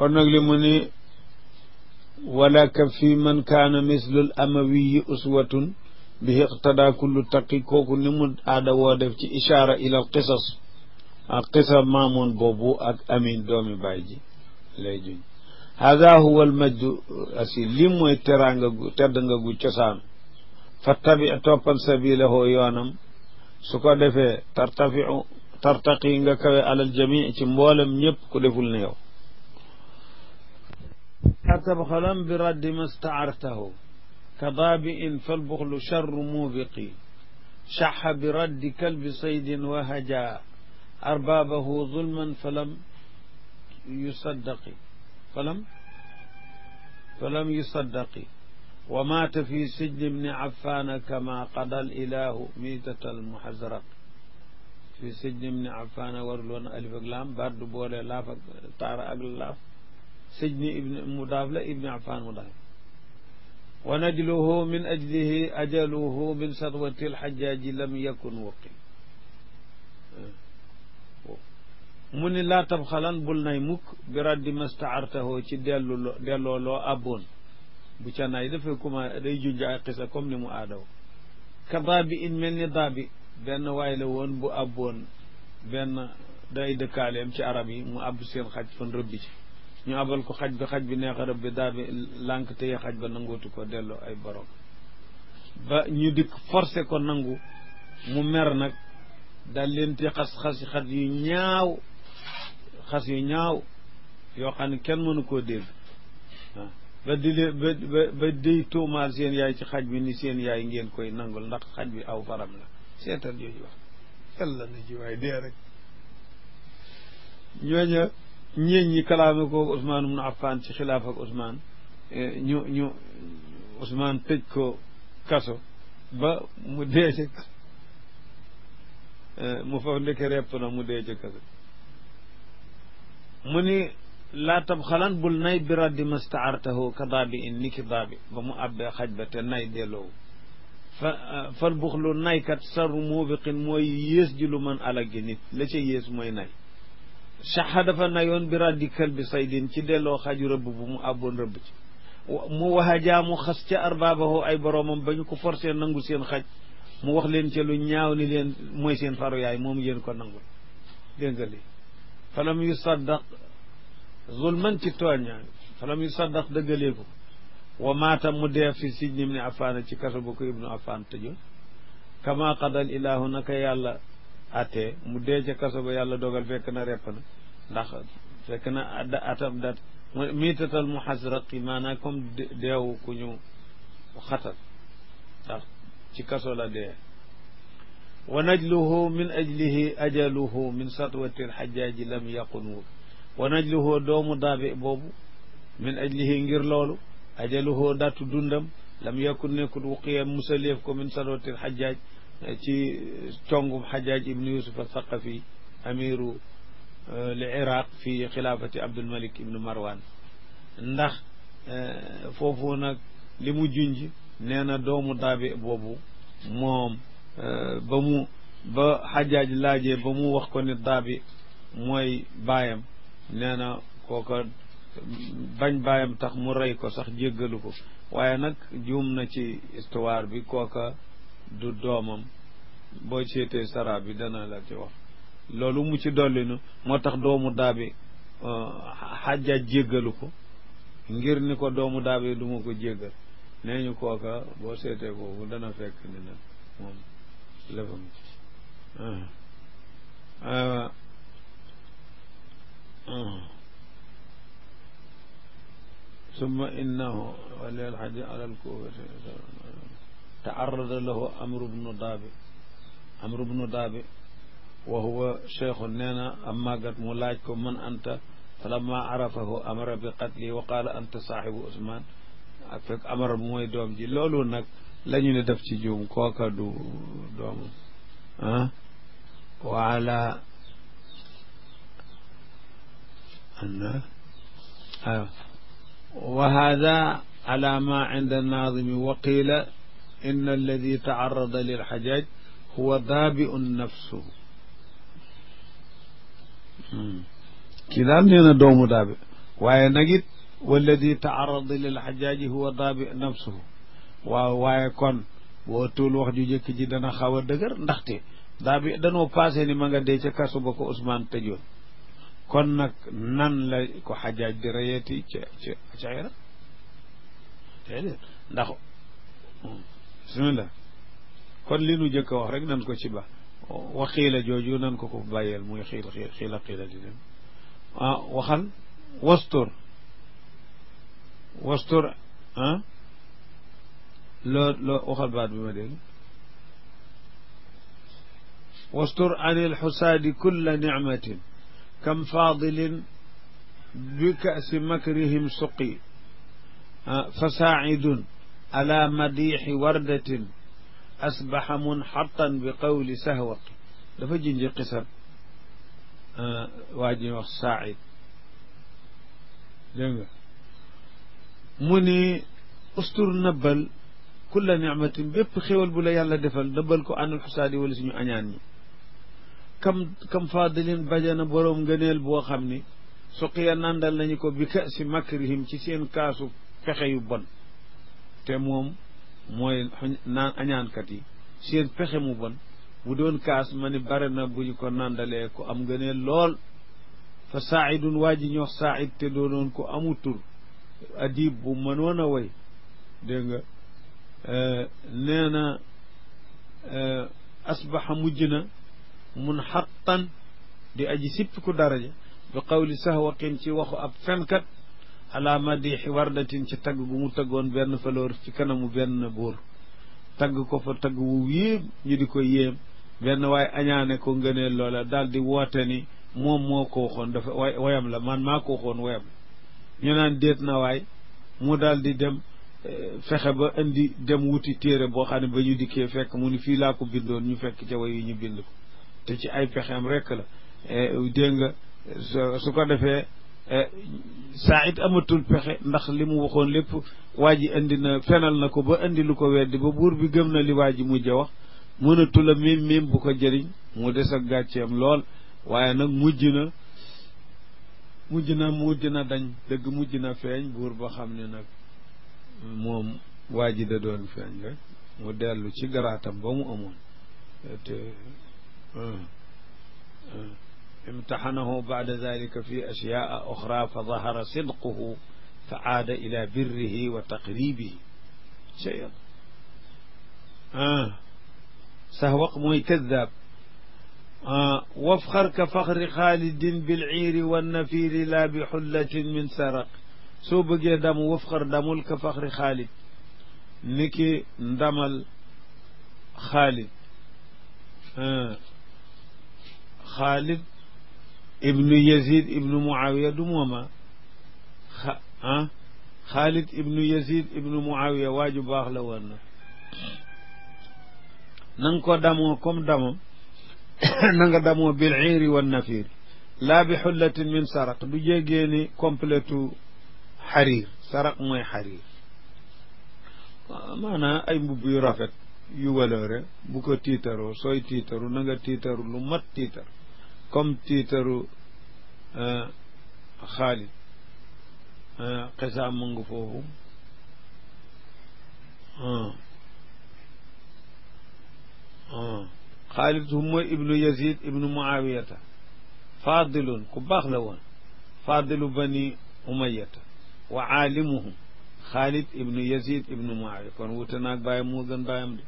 kon nag li mu ni walaka fi man kaana mislul amawiyi uswatun bi iqtada kullu taqi kooku ni mu aada woo def ci ishaara ila qisas ak qisa maamoon boobu ak amin doomi baay ji lay juñ hada huwa asi li mooy teraanga gu tedd nga gu cosaan fa su ko defee tartafiu tartaqi nga kawe jamii ci mboolem ñëpp ku deful ne yow أتبخلا برد ما استعرته كضابئ فالبخل شر موبق شح برد كلب صيد وهجا أربابه ظلما فلم يصدق فلم فلم يصدق ومات في سجن ابن عفان كما قضى الإله ميتة المحزرق في سجن ابن عفان warul woon alif ak laam baat du boole laaf ak taar ak laaf sëjni ibn mudaaf la ibni afaan mudaaf wa najluhu min ajlihi ajaluhu min sarwati alxajaaji lam yakun waqi mu ni laa tabxalan bul nay mukk bi raddi mastaartahoo ci dellu delloo loo àbboon bu ca nay dafay commencé day junj ay xisa comme ni mu aadaw ka daabi in mel ni daabi benn waay la woon bu àbboon benn day dëkkaaleem ci arab yi mu àbb seen xaj fan rëbbi ci ñu abal ko xaj bi xaj bi neex rab bi daal lànk téye xaj ba nangootu ko delloo ay borom ba ñu dikk forcé ko nangu mu mer nag daal leen te xas xas xas yu ñaaw xas yu ñaaw yoo xam ne kenn mënu koo dégg waaw ba di leen tuumaal seen yaay ci xaj bi ni seen yaay ngeen koy nangul ndax xaj bi aw faram la seetal yooyu wax yàlla na ji waay dee rek ñooña ñeen ñi kalaame ko Ousmane ibn Affan ci xilaaf ak Ousmane eh, ñu kaso ba mu dee kaso eh, mu fa ndeke repp na mu dee kaso mu ni laa tab xalan bul nay bi raddi mastaartahu ka daabi in ki daabi ba mu àbbee kat ba te nay delloowu fa eh, mooy yées ji lu mën alag gi nit la mooy nay saxa dafa nayoon bi raddi kalbi saydin ci delloo xaju rëbb bu mu àbboon rëbb ci mu waxajaa mu xas ca arbaabahu ay boroomam ba ñu ko forcé nangu seen xaj mu wax leen ca lu ñaaw ni leen mooy seen faru yaay moom yéen ko nangul dégg nga lii falam yu saddaq zulman ci tooñaa falam yu saddaq dëggaleeku wa maata mu dee fi sijni ibni afaan ci kaso bu ko ibnu afaan tëjoon kama qadal ilaahu naka yàlla attee mu dee ca kaso ba yàlla dogal fekk na repp na ndax fekk na atam dat miitatal mu xasraqi maanaam comme deewu ku ñu xatal ndax ci kaso la dee wa najluhu min ajlihi ajaluhu min satwati lxajaaji lam yaqun wa najluhu doomu daabe boobu min ajlihi ngir loolu ajaluhu datu dundam lam yakun nekkut wuqiya musaleef ko min satwati lxajaaj ci congum xajaaj ibn yusuf althaqafi amiru euh, li iraq fi xilaafati abdulmalik ibnu marwan ndax euh, foofu nag li mu junj nee na doomu daabe boobu moom euh, ba mu ba xajaaj laajee ba mu wax ko ne daabi mooy baayam nee na kooka bañ baayam tax mu rey ko sax jéggalu ko waaye nag juum na ci histoire bi kooka du doomam boo seetee sara bi dana la ci wax loolu mu ci dollinu moo tax doomu daabi xajjaaj uh, jéggalu ko ngir ni ko doomu daabi duma ko jéggal nee ñu kooka boo seetee kooku dana fekk ni nag moom lëfam ci uh, uh, summa innahu walil xaji alal kuufati taarada lahu amru bnu daabi amru bnu daabi wa huwa cheikhu nee na am màggat mu laaj ko man anta falamma arafahu amara bi qatli wa qaala anta saaxibu usman ak fekk amara bu mooy doom ji loolu nag la ñu ne def ci juum kooka du doomu ah waala anna ah. wa hada ala ma inda naazimi wa qiila in alladi taarada lilxajaaj huwa daabiun nafsuhu kii daal nee na doomu daabi waaye nag it walladi taarada lilxajaaji huwa daabi nafsuhu waaw waaye kon boo tuul wax ju jëkk ji dana xaw a dëgër ndaxte daa bi danoo passé ni ma nga dee ca kasu ba ko Ousmane tëjoon kon nag nan la ko xajaaj di reyeeti ca ca ca Irak ndax bismillah kon li nu jëkk a wax rek nan ko ci ba wa xiila jooju nan ko ko bàyyeel muy xiil xiil xiila xiila di dem ah waxal wastur wastur ah loo loo waxal baat bi ma dégg wastur an ilxusaadi kulla nicmatin kam faadilin bi kasi makrihim suqi ah, fasaidun ala madiixi wardatin asbaxa munxatan bi qawli sahwat dafa jinji xisab waa ji wax said dégg nga mu ni ustur nëbbal kulla nicmatin bépp xéwal bu la yàlla defal nëbbal ko anul xusaadi wala suñu añaan ñi kam kam fadilin bajana boroom ngëneel boo xam ni suqiya nandal nañu ko bi ka si makrihim ci seen kaasu pexe yu bon te moom mooy naan añaankat yi seen pexe mu bon bu doon kaas ma ni bare na bu ñu ko nandalee ku am ngëneel lool fa saaidun waa ji ñox saaid te doonoon ko amu tur adib bu mënoon a way dégg nga euh, nee na euh, asbaxa mujj na mun xattan di aji sippi ku daraja bi qawli sahwaqin ci waxu ab fenkat ala madixi wardatin ci tagg gu mu tëggoon benn faloor ci kanamu benn buur tagg ko fa tagg wu yéem ñu di ko yéem benn waaye añaane ko ngëneel loola daal woote ni moom moo ko waxoon dafa wayam la man maa ko waxoon wayam ñu naan déet na waay mu daldi di dem eh, fexe ba indi dem wuti téere boo xam ne ba ñu dikkee fekk mu ni fii laa ko bindoon ñu fekk ca way yi ñu bind ko te ci ay pexeem rekk la eh, dégg nga su ko defee saa it amatul pexe ndax li mu waxoon lépp waa ji indi na fenal na ko ba indi lu ko weddi ba buur bi gëm na li waa ji mujj wax mënatula a miim bu ko jëriñ mu des ak gàcceem lool waaye nag mujj na mujj na mujj na dañ dëgg mujj na feeñ buur ba xam ne nag moom waa ji da doon feeñ rek mu dellu ci garaatam ba mu amoon euh, امتحنه بعد ذلك في أشياء أخرى فظهر صدقه فعاد إلى بره وتقريبه شيئا آه سهوق موي كذاب آه وافخر كفخر خالد بالعير والنفير لا بحلة من سرق soo bëggee damu wafxar damul ka faxri xaalid niki ndamal xaalid xaalid ibnu yazid ibnu muawiya du mooma ah xaalid ibnu yazid ibnu muawiya waaju baax la woon na na nga ko damoo comme damo na nga damoo bil iiri wa nafir laa bi xullatin min saraq du jégee ni completu xariir saraq mooy xariir maanaam ay mbubb yu rafet yu waloore bu ko tiitaroo sooy tiitaru na nga tiitaru lu mat tiitar comme tiitaru euh, xaalid xisaam euh, mu ngi foofu xaalid su mooy ibnu yazid ibnu muawiyata fadilun ku baax la woon fadilu bani umayata wa aalimuhum xaalid ibnu yazid ibnu muawiya kon wuute naag bàyyam moo gën bàyyam de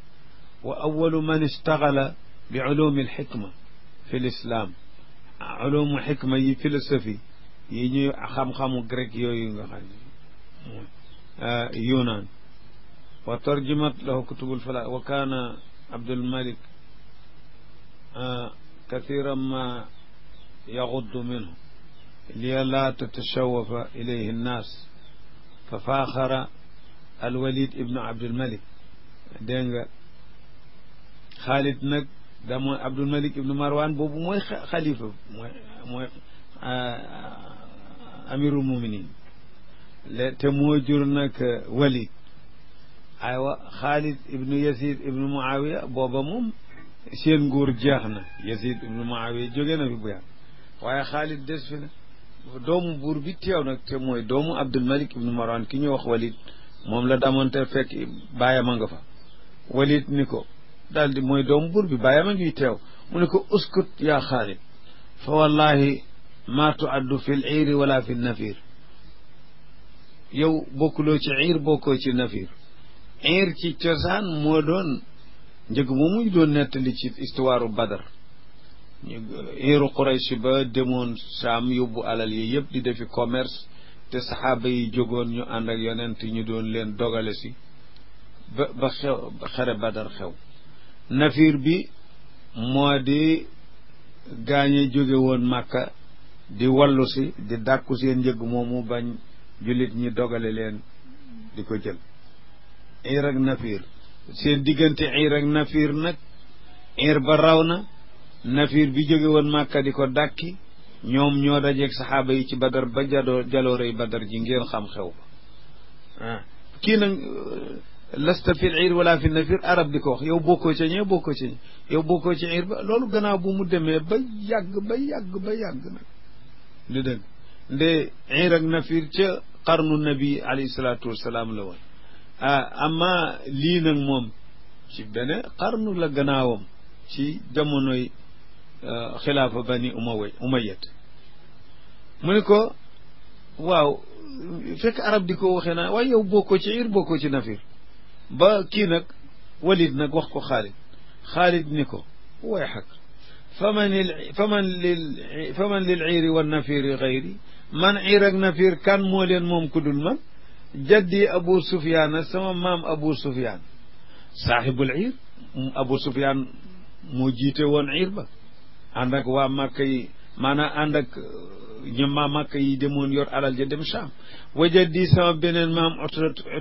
wa awalu man istaxala bi ulumi alxikma fi lislaam ulumu xikma yi philosophie yi ñuy xam-xamu grec yooyu nga xam ne euh, yunaan wa tarjumat lahu kutubul fala wa kaana abdulmalik euh, kathiran ma yaguddu minhu li laa tatashawafa ilayhi annaas fa faaxara alwalid ibnu abdulmalik dégg nga xaalit nag da mooy Abdul Malik ibnu Marwan boobu mooy xalifa mooy mooy ah, amirul muminin le te mooy jur nag Walid aywa Xaalid ibnu Yasid ibnu Muawiya booba moom seen nguur jeex na Yasid ibnu Muawiya jóge na fi bu yàgg waaye Xaalid des fi na doomu buur bi teew nag te mooy doomu Abdul Malik ibnu Marwan ki ñuy wax Walid moom la damoon te fekk bàyyam a nga fa Walid ni ko daal di mooy doomu buur bi bàyyam a teew mu ne ko uskut yaa xaalid fa wallahi maa tuaddu fi l iiri fi nafir yow bokkuloo ci ci nafir iir ci cosaan moo doon njëg moomu doon nettali ci istuwaaru badar iiru quraysh ba demoon saam yóbbu alal yi di defi commerce te saxaaba yi jógoon ñu ànd ak yonent ñu doon leen dogale si ba ba xew badar xew nafiir bi moo di gaañe jóge woon màkka di wallu di dàkku seen njëg moomu bañ jullit ñi dogale leen di ko jël iir ak nafiir seen diggante iir ak nafiir nag iir ba raw na nafiir bi jóge woon màkka di ko dàkki ñoom ñoo dajeeg saxaaba yi ci badar ba jadoo jaloore yi badar ji ngeen xam xew ba ah, kii nag lasta fil iir wala fi nafir arab di ko wax yow bokkoo ca ñee bokkoo ca ñee yow bokkoo ci iir loolu gannaaw bu mu demee ba yàgg ba yàgg ba yàgg nag di dëgg nde iir nafir ca xarnu nabi alayhi salaatu wasalaam la woon lii nag moom ci beneen xarnu la gannaawam ci jamonoy xilaafa bani umaway mu ne ko waaw fek arab di ko waxee naa waaye yow bokkoo ci iir bokkoo ci nafir ba kii nag walid nag wax ko xaalid xaalid ni ko way xak faman faman lil faman lil ciiri wa nafiri xayri man ciir ak nafir kan moo leen moom ku dul man jaddi abu sufyaan sama maam abu sufyaan saaxibul ciir abu sufyaan moo jiite woon ciir ba ànd ak waa màkka yi maanaam ànd ak uh, ñu ma màkk yi demoon yor alal ja dem Sham wa jaddi sama beneen maam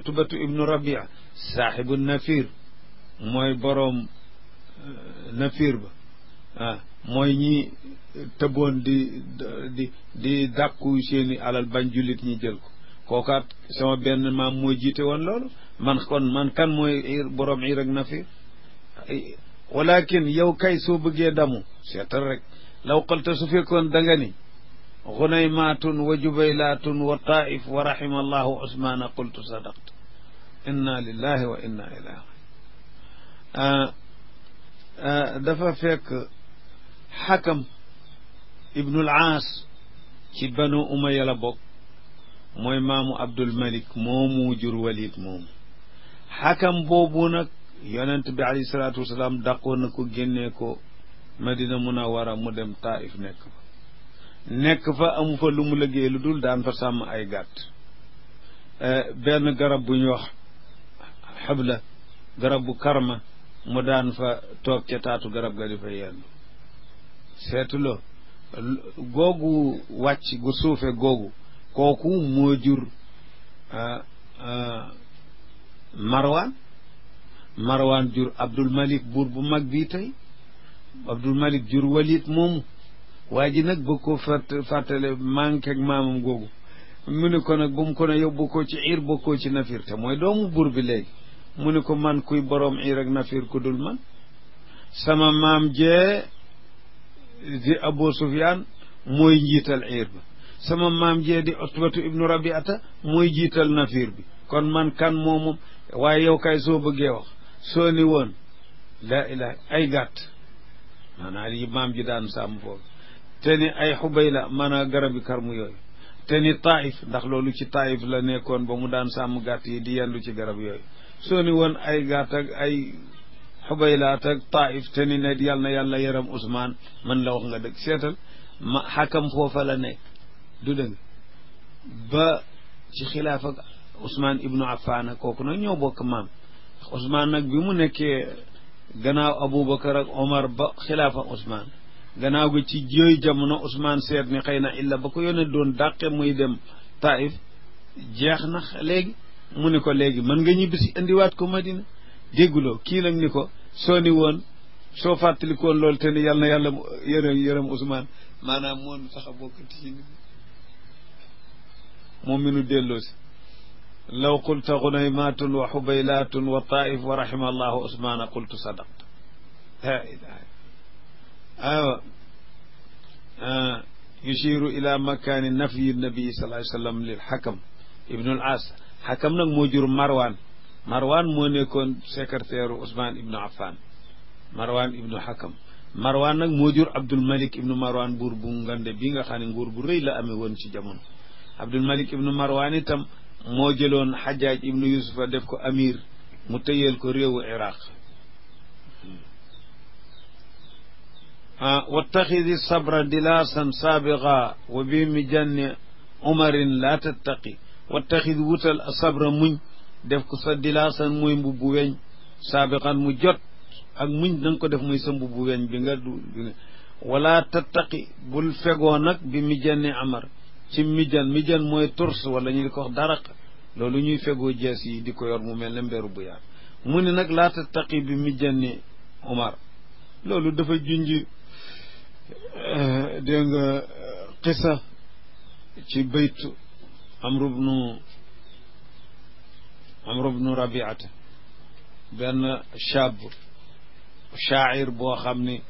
utbatu ibnu rabia saaxibu nafir mooy boroom eh, nafir ba ah mooy ñi tëboon di di di dàkku seeni alal bañ jullit ñi jël ko kookaat sama benn maam moo jiite woon loolu man kon man kan mooy boroom ir ak nafir eh, walakin yow kay soo bëggee damu seetal rek law xalta su fekkoon da nga ni xunaymaatun wa jubaylaatun wa taif wa rahima allahu usmaana qultu sadaqta inna lillahi wa inna ilayhi ah, ah, dafa fekk xakam ibnul aas ci banu umaya la bokk mooy maamu abdul malik moomu jur walid moomu xakam boobu nag yonent bi alayhi salaatu wasalaam dàqoon na ko génnee ko madina munawara mu dem taif nekk fa nekk fa amu fa lu mu lu dul daan fa sàmm ay gàtt eh, benn garab bu ñu wax xabla garab bu karma mu daan fa toog ca taatu garab ga di fa yendu seetuloo googu wàcc gu suufe googu kooku moo jur ah, ah, marwaan marwaan jur abdul malik bu mag bii tey abdul jur walit moomu waa ji nag bëgg ko fàtt fàttale manqué ak maamam googu mu ne ko nag bu mu ko ne yóbbu ko ci ir ci nafir te mooy doomu buur bi léegi mu ne ko man kuy boroom ir ak nafir ku dul man sama maam jee di Abu Sufyaan mooy njiital ir bi sama maam jee di Utbatu ibnu Rabiata mooy jiital nafir bi kon man kan moomu waaye yow kay soo bëggee wax soo ni woon laa ilaha ay gàtt maanaam yi maam ji daan sàmm foofu te ni ay xubay la maanaam garabi karmu yooyu te ni taif ndax loolu ci taif la nekkoon ba mu daan sàmm gàtt yi di yendu ci garab yooyu soo woon ay gàtt ay xubaylaat ak taif te ni yàlla yaram Ousmane man la wax nga dëgg seetal ma xakam foofa la du dëgg ba ci xilaaf ak Ousmane ibnu Affan kooku nag ñoo bokk maam Ousmane nag bi mu nekkee gannaaw Aboubacar ak Omar ba xilaaf ak Ousmane gannaaw ci jooy jamono Ousmane seet ni xëy na illa ba ko yónnee doon dàqe muy dem Taif jeex na léegi mu ni ko léegi mën nga ñibbisi indiwaat ko Madina dégguloo kii nag ni ko soo ni woon soo fàttalikoon loolu te ni yal na yàlla yërëm yërëm Ousmane maanaam moom sax a bokkati ci nit moom mi nu delloo si law qulta xunaymatun wa xubaylatun wa taif wa rahima allahu Ousmane qultu sadaqta la ilaha awa ah, yushiru ila makani nafyi nabii sallallahu alayhi wa sallam lil xakam ibnu al as xakam nag moo jur marwaan marwaan moo nekkoon secrétaire Ousmane ibnu Affan marwaan ibnu xakam marwaan nag moo jur Abdul Malik ibnu marwaan buur bu ngande bi nga xam ne nguur bu rëy la amee woon ci jamono Abdul Malik ibnu marwaan itam moo jëloon xajaaj ibnu yusufa def ko amir mu tëyeel ko réewu iraq wattaxidi sabra dilaasan saabiqa wa bi mi janni umarin la tattaqi wattaxid wutal sabra muñ def ko sa dilaasan muy mbubbu weñ saabiqan mu jot ak muñ danga ko def muy sa mbubbu weñ bi nga du wala tattaqi bul fegoo nag bi mijani amar ci mijan mijan mooy turs walla ñu di ko wax daraq loolu ñuy fegoo jees yi di ko yor mu mel ne mberu bu yaar mu ne nag laa tattaqi bi mijani omar loolu dafa junj eh, dégg nga ci baytu amru bnu amru bnu rabiata benn chab shaacir boo xam ni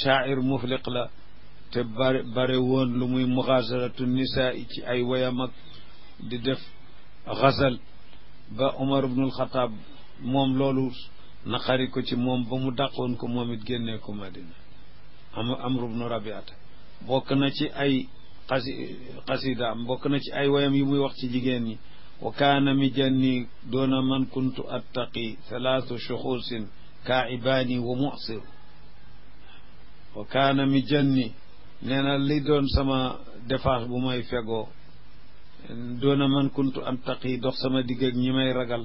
shaacir mufliq la te bare bare woon lu muy muxaasaratu nisaa ci ay wayam ak di def xasal ba Umar ibnul Xataab moom loolu naqari ko ci moom ba mu dàqoon ko moom it génnee ko Madina am Amru ibnu Rabiata bokk na ci ay xasi xasidaam bokk na ci ay woyam yi muy wax ci jigéen ñi wa kaana mijani doona man kuntu attaqi thalathu shuxuusin kaa'ibaani wa muxsir wa kaana mijani nee na li doon sama défense bu may fegoo doona man kuntu attaqi dox sama digg ak ñi may ragal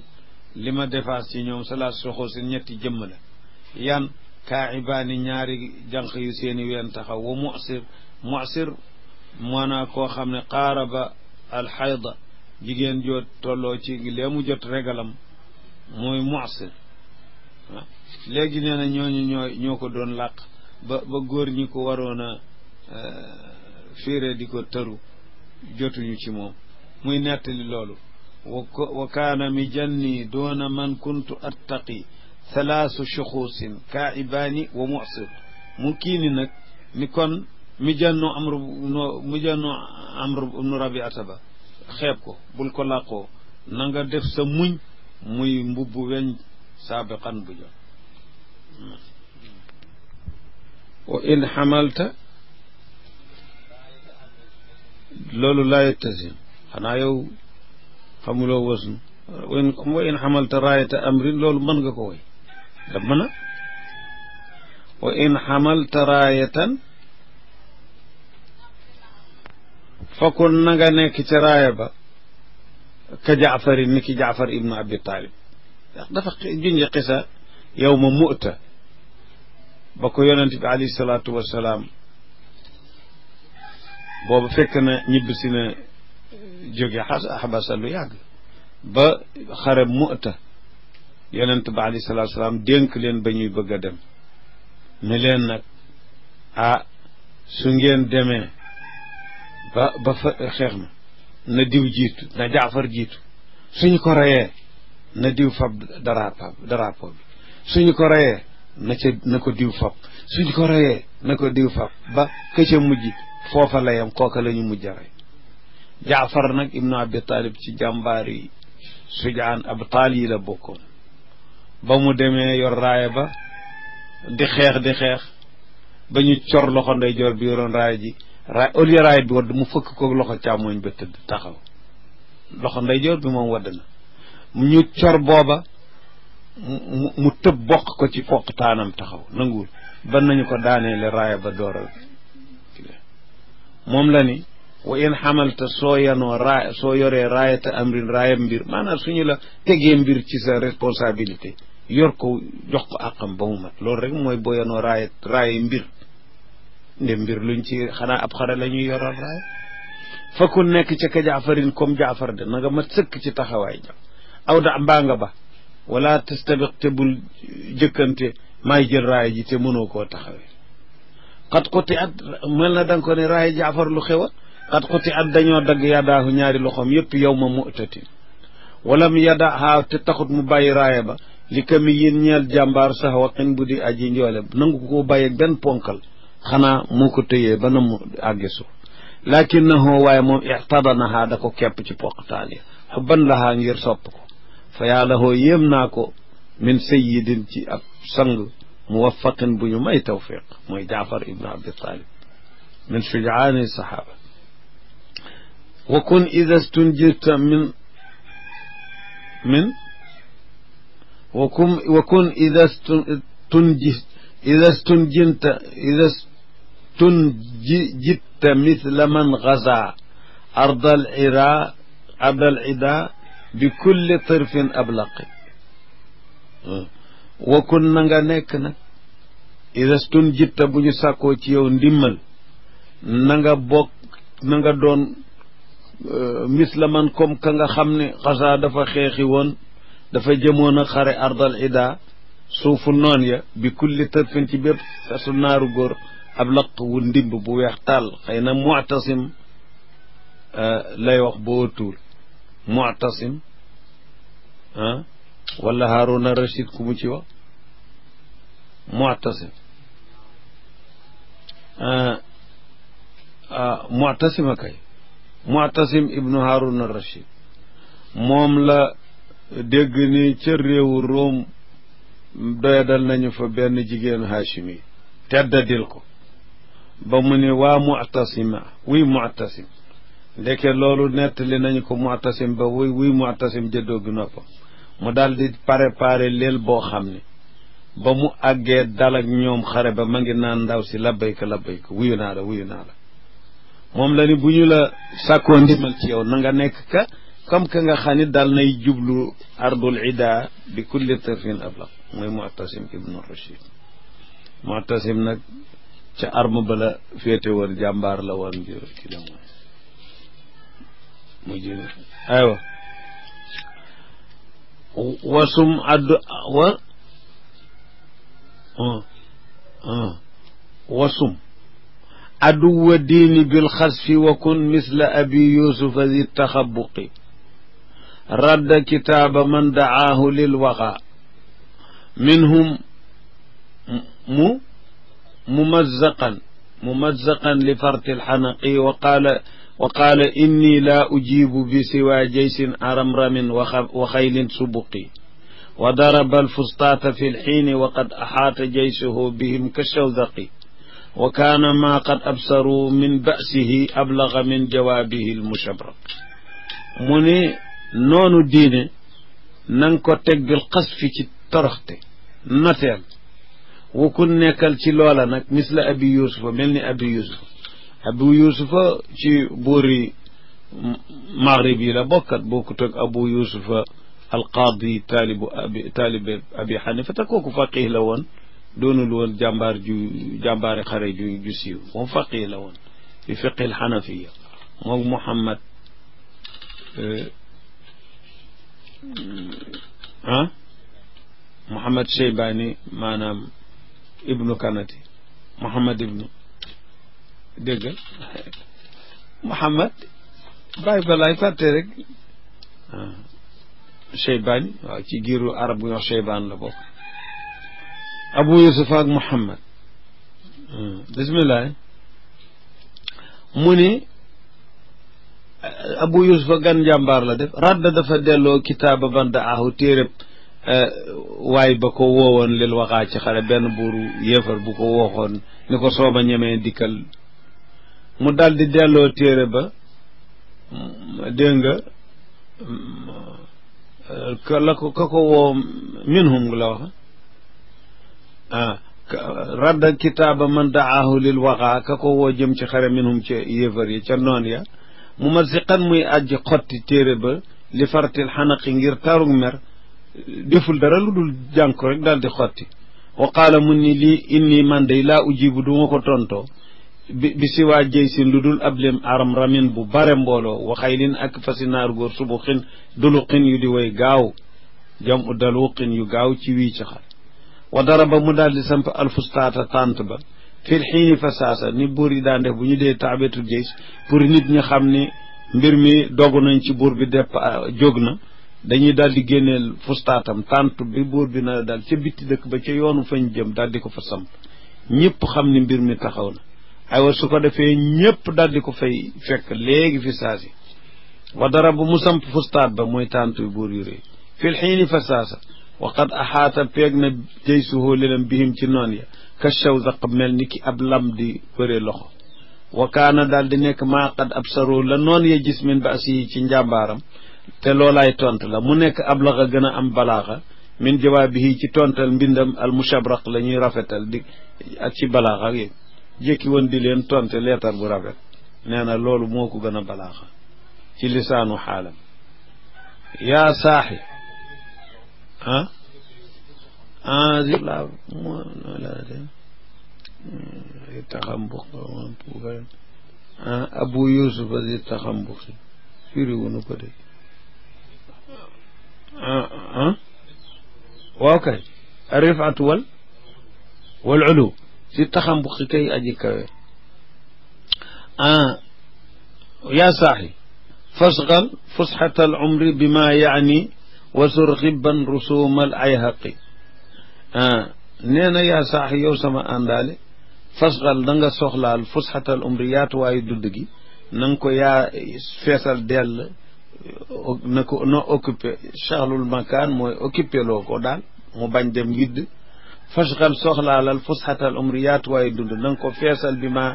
li ma défense ci ñoom thalathu shuxuusin ñetti jëmm la yan kaa'ibaani ñaari jànq yu seeni ween taxaw wa muxsir muxsir maanaa koo xam ne qaaraba alxayda jigéen jot tolloo ci lee mu jot regalam mooy muasir léegi nee na ñoo ñoo ko doon làq ba ba góor ñi ko waroon a e, fiire di ko tëru jotuñu ci moom muy nettali loolu wa kaana mi janni doona man kuntu attaqi thalaasu kaa'ibaani wa mu'sir mu kii ni nag ni kon mi janno amru amru ibnu rabi ataba xeeb ko bul ko làqoo nanga def sa muñ muy mbubb weñ saabiqan bu jot wa in xamalta loolu laa yettasin xanaa yow xamuloo wasnu wa in xamalta raayata amrin loolu mën nga ko woy daf mën a in xamalta raayatan fakun na nga nekk ca ba ka jaafarin ni ki jaafar ibnu abi taalib ndax dafa yow ma mu'ta ba ko yonent bi alayhi salaatu wasalaam boobu fekk na ñibbisi na jóge xabasa lu yàgg ba xare mu'ta yonent bi alayhi salaatu wasalaam dénk leen ba ñuy bëgg a dem ne leen nag ah, ngeen demee ba ba fa xeex mi na diw jiitu na jaafar jiitu suñu ko reyee na diw fab darapo darapo bi suñu ko reyee na ca na ko diw fab suñu ko reyee na ko diw fab ba ka ca mujj foofa la yam kooka la mujj rey jaafar nag ibnu abi taalib ci jàmbaar yi sujaan ab taal yi la bokkoon ba mu demee yor raaya ba di xeex di xeex ba ñu cor loxo ndeyjoor bi yoroon raaya ji ra au lieu raayit mu fëkk ko loxo càmmooñ ba tëdd taxaw loxo nday ndeyjoor bi moom wadd na ñu cor booba mu mu tëb bokk ko ci poqtaanam taxaw nanguwul ban nañu ko daaneele raaya ba dooral moom la ni wa in xamalta soo yanoo raaya soo yoree raayata amrin raaya mbir maanaam suñu la tegee mbir ci sa responsabilité yor ko jox ko àqam ba mu mat loolu rek mooy boo yanoo raaya raaya mbir nde mbir luñ ci xanaa ab xare la ñuy yoral raay nekk ca ka jaafarin comme jaafar de na nga mat sëkk ci taxawaay ja aw da mbaa nga ba wala tastabiq te bul jëkkante maay jël raay ji te mënoo ko taxawee xat xuti at mel na da nga ko ne raay jaafar lu xewa xat xuti at dañoo dagg yadaahu ñaari loxoom yëpp yow ma mutatin walam yada haa te taxut mu bàyyi raaya ba li kami yin ñeel jàmbaar sax waqin bu di aji njoole nangu ko bàyyi benn ponkal xanaa moo ko tëyee ba na mu àgge suuf lakinnahu waaye moom ixtadanahaa da ko kepp ci poqtaan yi xubban lahaa ngir sopp ko fa yaalahoo yéem naa ko min sayidin ci ab sang muwafaqin bu ñu may tawfiq mooy jaafar ibnu abi talib min sujaani sahaaba wa kun ida stunjirta min min wa kun ida stunjinta ida tun ji jitta misla man gaza ardal ira ardal ida bi kulli tërfin ablaqi wa kun na nekk nag idas tun jitta bu ñu sàkkoo ci yow ndimmal na nga bokk na nga doon e, misla man kom ka nga xam ne xasaa dafa xeexi woon dafa jëmoon a xare ardal ida suufu noon ya bi kulli tërfin ci bépp sasu naaru góor ab laq wu ndimb bu weex tàll xëy na mu'tasim euh, lay wax boo tuul mu'tasim walla wala Haaruna Rachid ku mu ci wax mu'tasim euh, ah, mu'tasima kay mu'tasim ibnu Haaruna Rachid moom la dégg ni ca réewu Room doyadal nañu fa benn jigéen jigéenu Haashimi teddadil ko ba mu ni waa mu'tasima wuy mu'tasim ndeke loolu nettali nañu ko mu'tasim ba wuy wuy mu'tasim jëddoo gi noppam mu daal di préparé leel boo xam ni ba mu àggee dal ak ñoom xare ba ma ngi naan ndaw si labbayka labbayka wuyu naa la wuyu naa la moom la ni bu ñu la sàkkoo ndimal ci yow na nga nekk ka comme que nga xam ni dal nay jublu ardul ida bi kulli tarfin ablaq mooy mu'tasim ibnu rashid mu'tasim nag ca arme ba la féete woon jàmbaar la woon ngir ki dem mu jële aywa wasum addu wa wasum addu wa diini bil xasfi wa kun misla abi yusufa zi taxabuqi radda kitaaba man daahu lil waxa minhum mu mumazzaqan mumazzaqan li farti lxanaqi wa qaala wa qaala inni laa ujibu bi siwa jaysin aramramin wa xaylin subuqi wa daraba alfustaata fi lxiini wa qad axaata jaysuhu bihim ka shawdaqi wa kaana maa qad absaru min ba'sihi ablaga min jawaabihi almushabraq mu ne noonu diine na nga ko teggal xas fi ci toroxte nateel wu kun nekkal ci loola nag misla abi yusufa mel ni abi yusufa abi yusufa ci buuri maghrib yi la bokkat bokkut ak abu yusufa alqaadi taalibu abi taalibe abi xanifa te kooku faqih la woon doonul woon jàmbaar ju jàmbaari xare ju ju siiw moom faqih la woon fi fiqi alxanafiya moom muhammad eh, ah muhammad cheybani maanaam ibnu kanati Mouhamad ibnu dégg nga Mouhamad bàyyi ko laay fàtte rek Cheybaan ah, waaw ci giiru arab bu ñuy wax Cheybaan la bokk Abu Yusuf ak Mouhamad hmm, bisimilah mu ni Abu Yusuf gan jàmbaar la def radda dafa delloo kitaaba banda ahu téereb Eh, waay ba ko woowoon lil waxaa ci xare benn buuru yéefar bu ko wooxoon ni ko sooba ñemee dikkal mu daldi delloo téere ba dénga nga ka la ko ka woo minhum la wax ah, radda kitaaba man daahu lil waxaa ka ko woo jëm ci xare minhum ca yéefar yi ca noon ya mu ma si xan muy ajji xotti téere ba li fartil xanaqi ngir tarug mer deful dara lu dul jàng ko rek daal di xotti wa qaala mun ni lii inni man day laa ujibu du ma ko tontoo bi bi si waa jëy lu dul ab lem aram ramin bu bare mbooloo waxay lin ak fasi naar góor subu xin dulu xin yu di way gaaw jam u xin yu gaaw ci wii ci wa dara ba mu dal di samp alfustaata tant ba fil xiini fa saasa ni buur yi daan def bu ñu dee taabetu jëys pour nit ñi xam ni mbir mi dogu nañ ci buur bi depp jóg na dañuy daal di génneel fustaatam tànt bi buur bi na daal ca bitti dëkk ba ca yoonu fañ jëm daldi ko fa samp ñëpp xam ni mbir mi taxaw na aywa su ko defee ñëpp daal ko fay fekk léegi fi saasi wa dara bu mu samp fustaat ba mooy tànt bi buur yu rëy fil xiini fa saasa waqad axaata peeg jëy suhoo lilam bihim ci noon ya ka shaw zaq mel ni ki ab lam di wëree loxo wakaana kaana daal di nekk maa qad absaroo la noon ya gis ba asi ci njàmbaaram te loolaay tontu la mu nekk ablaxa gën a am balaaxa min jawaabihi ci tontal mbindam al mushabraq lañuy ñuy rafetal di ak ci balaaxa ak yëg jékki woon di leen tonte leetar bu rafet nee na loolu moo ko gën a balaaxa ci lisaanu xaalam yaa saaxi ah engi ah, la mo lade taxambux ah, abu firiwunu ko de Uh, waaw kay rifaatu wal wal ulu si taxam bu xi kay aji kawe ah yaa saaxi fasxal fusxata al umri bima yaani wasur xibban rusuumal ayhaqi ah, nee na yaa saaxi yow sama àndaale fasxal da nga soxlaal fusxatal umri yaatuwaayu dudd gi na nga ko yaa feesal dell na ko na occupé chaxlul makaan mooy occupé loo ko daal mu bañ dem widd fashxal soxlaalal fusxatal umri yaatuwaayu dund na nga ko feesal bi ma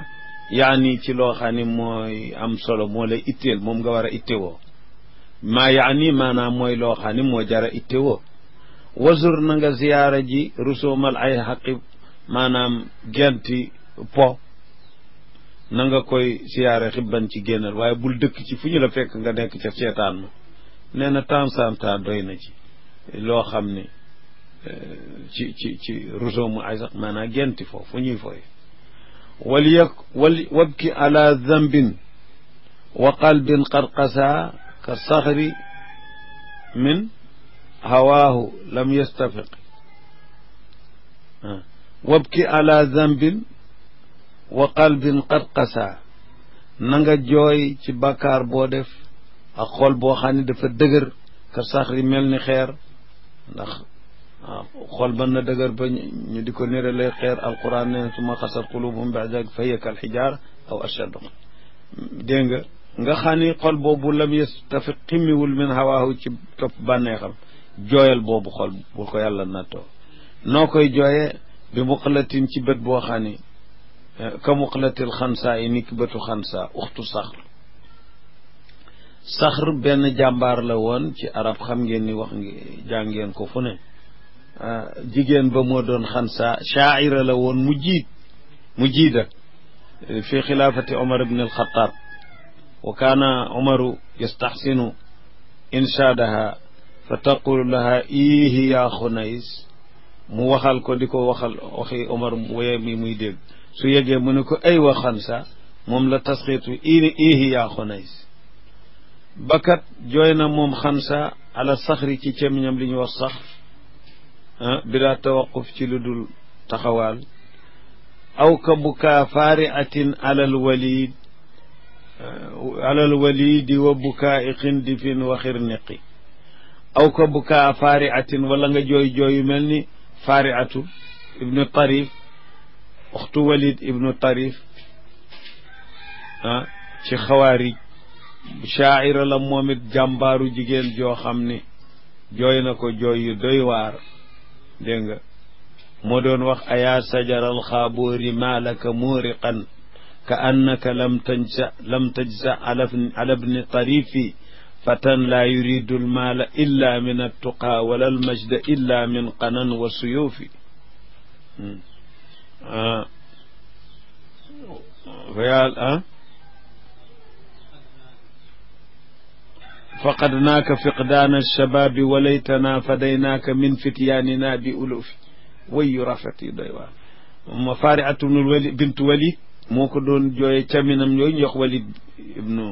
yaani ci loo xam ne mooy am solo moo lay itteel moom nga war a ittewoo maa yaani maanaam mooy loo xam moo jara ittewoo wasur na nga ziyaara ji rusumal ay xaqi maanaam genti po na nga koy siyaare xibban ci génnal waaye bul dëkk ci fu ñu la fekk nga nekk ca seetaan ma nee na tamsanta doy na ci loo xam ne euh, ci ci ci rousseau mu ay sax maanaam genti foofu wal wal wabki ala zambin wa qalbin qarqasa ka saxri min hawaahu lam yastafiq ah. wabki ala zambin wa qalbin qad qasa na nga jooy ci bakkaar boo def ak xol boo xam ne dafa dëgër ka saxri mel ni xeer ndax xol mën na dëgër ba ñu di ko nérelay xeer alquran ne suma xasat qulubuhum bi azab fa hiya kal xijaar aw ashaddu dégg nga nga xani ni xol boobu lam yastafi ximmiwul min hawaahu ci topp bànneexam jooyal boobu xol bu ko yàlla nattoo noo koy jooyee bi muqalatin ci bët boo xam ka muqlatil xansaa yi ni ki bëtu xansaa uxtu saxr saxr benn jàmbaar la woon ci arab xam ngeen ni wax jàngeen ko fu ne ah, jigéen ba moo doon xansaa shaaira la woon mu jiit mu jiida eh, fi xilaafati omar ibn alxataab wa kaana omaru yastaxsinu inshaadaha fa taqulu laha iihi yaa xunays mu waxal ko di ko waxal waxi omar woye mi muy dégg su yegee mu ne ko ay wa xamsa moom la tasxiitu iiri iihi yaa xunays bakat jooy na moom xamsa ala saxri ci cemiñam li ñu wax sax ah, bila tawaquf ci lu dul taxawaal aw ka bukaa faariatin alal walid ah, alal walidi wa bukaa i xindifin wa xirniqi aw ka bukaa faariatin wala nga jooy jooyu mel ni faariatu ibnu tarif uxtu walid ibnu tarif ah ci xawaarij shaaira la moom it jàmbaaru jigéen joo xam ni jooy na ko jooy yu doy waar dégg nga moo doon wax ayaa sajara alxaaboori maalaka muuriqan ka annaka lam tajza lam tajza ala bni tarifi fatan laa yuridu almaala illa min altuqaa wala almajda illa min qanan wa suyuufi hmm. fayaa ah faqadnaaka fiqdaana alshabaabi walaytanaa fadaynaaka min fityaanina bi ulufi wayyu rafet yi doy waar ma faariatu bnul walid bintu walid moo ko doon jooye caminam yooyu njox walid ibnu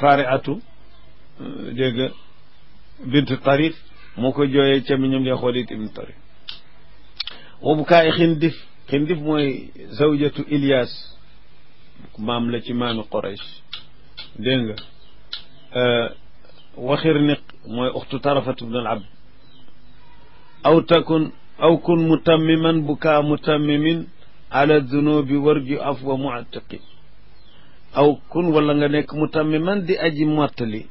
faariatu dégg nga bintu tarif moo ko jooyee caminam yox walid ibnu tarif wa bukaay xindif xindif mooy zawjatu Ilias maam la ci maami Quraysh dégg nga waxir niq mooy uxtu tarafat ibn al abd aw takun aw kun mutammiman bukaa mutammimin ala dunubi warju afwa muatiqi aw kun wala nga nekk mutammiman di aji mottali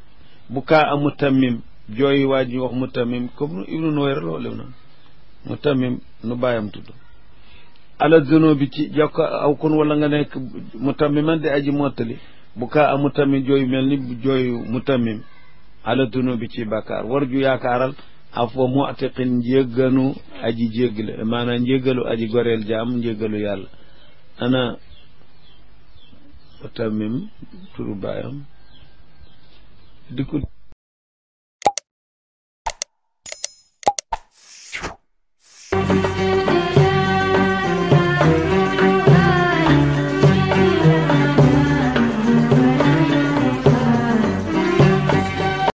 bukaa a mutammim jooy waa ji wax mutammim comme ibnu nuwayra loolu na mutammim nu bàyyam tudd ala zeno bi ci jokk aw kon nga nekk mu tammiman di aji mottali bu a mu jooyu mel ni jooyu mu ala zeno bi ci bàkkaar war ju yaakaaral afwa mu'tiqin njégganu aji jéggle maanaam njéggalu aji goreel jaam njéggalu yàlla ana mu turu bàyyam di ko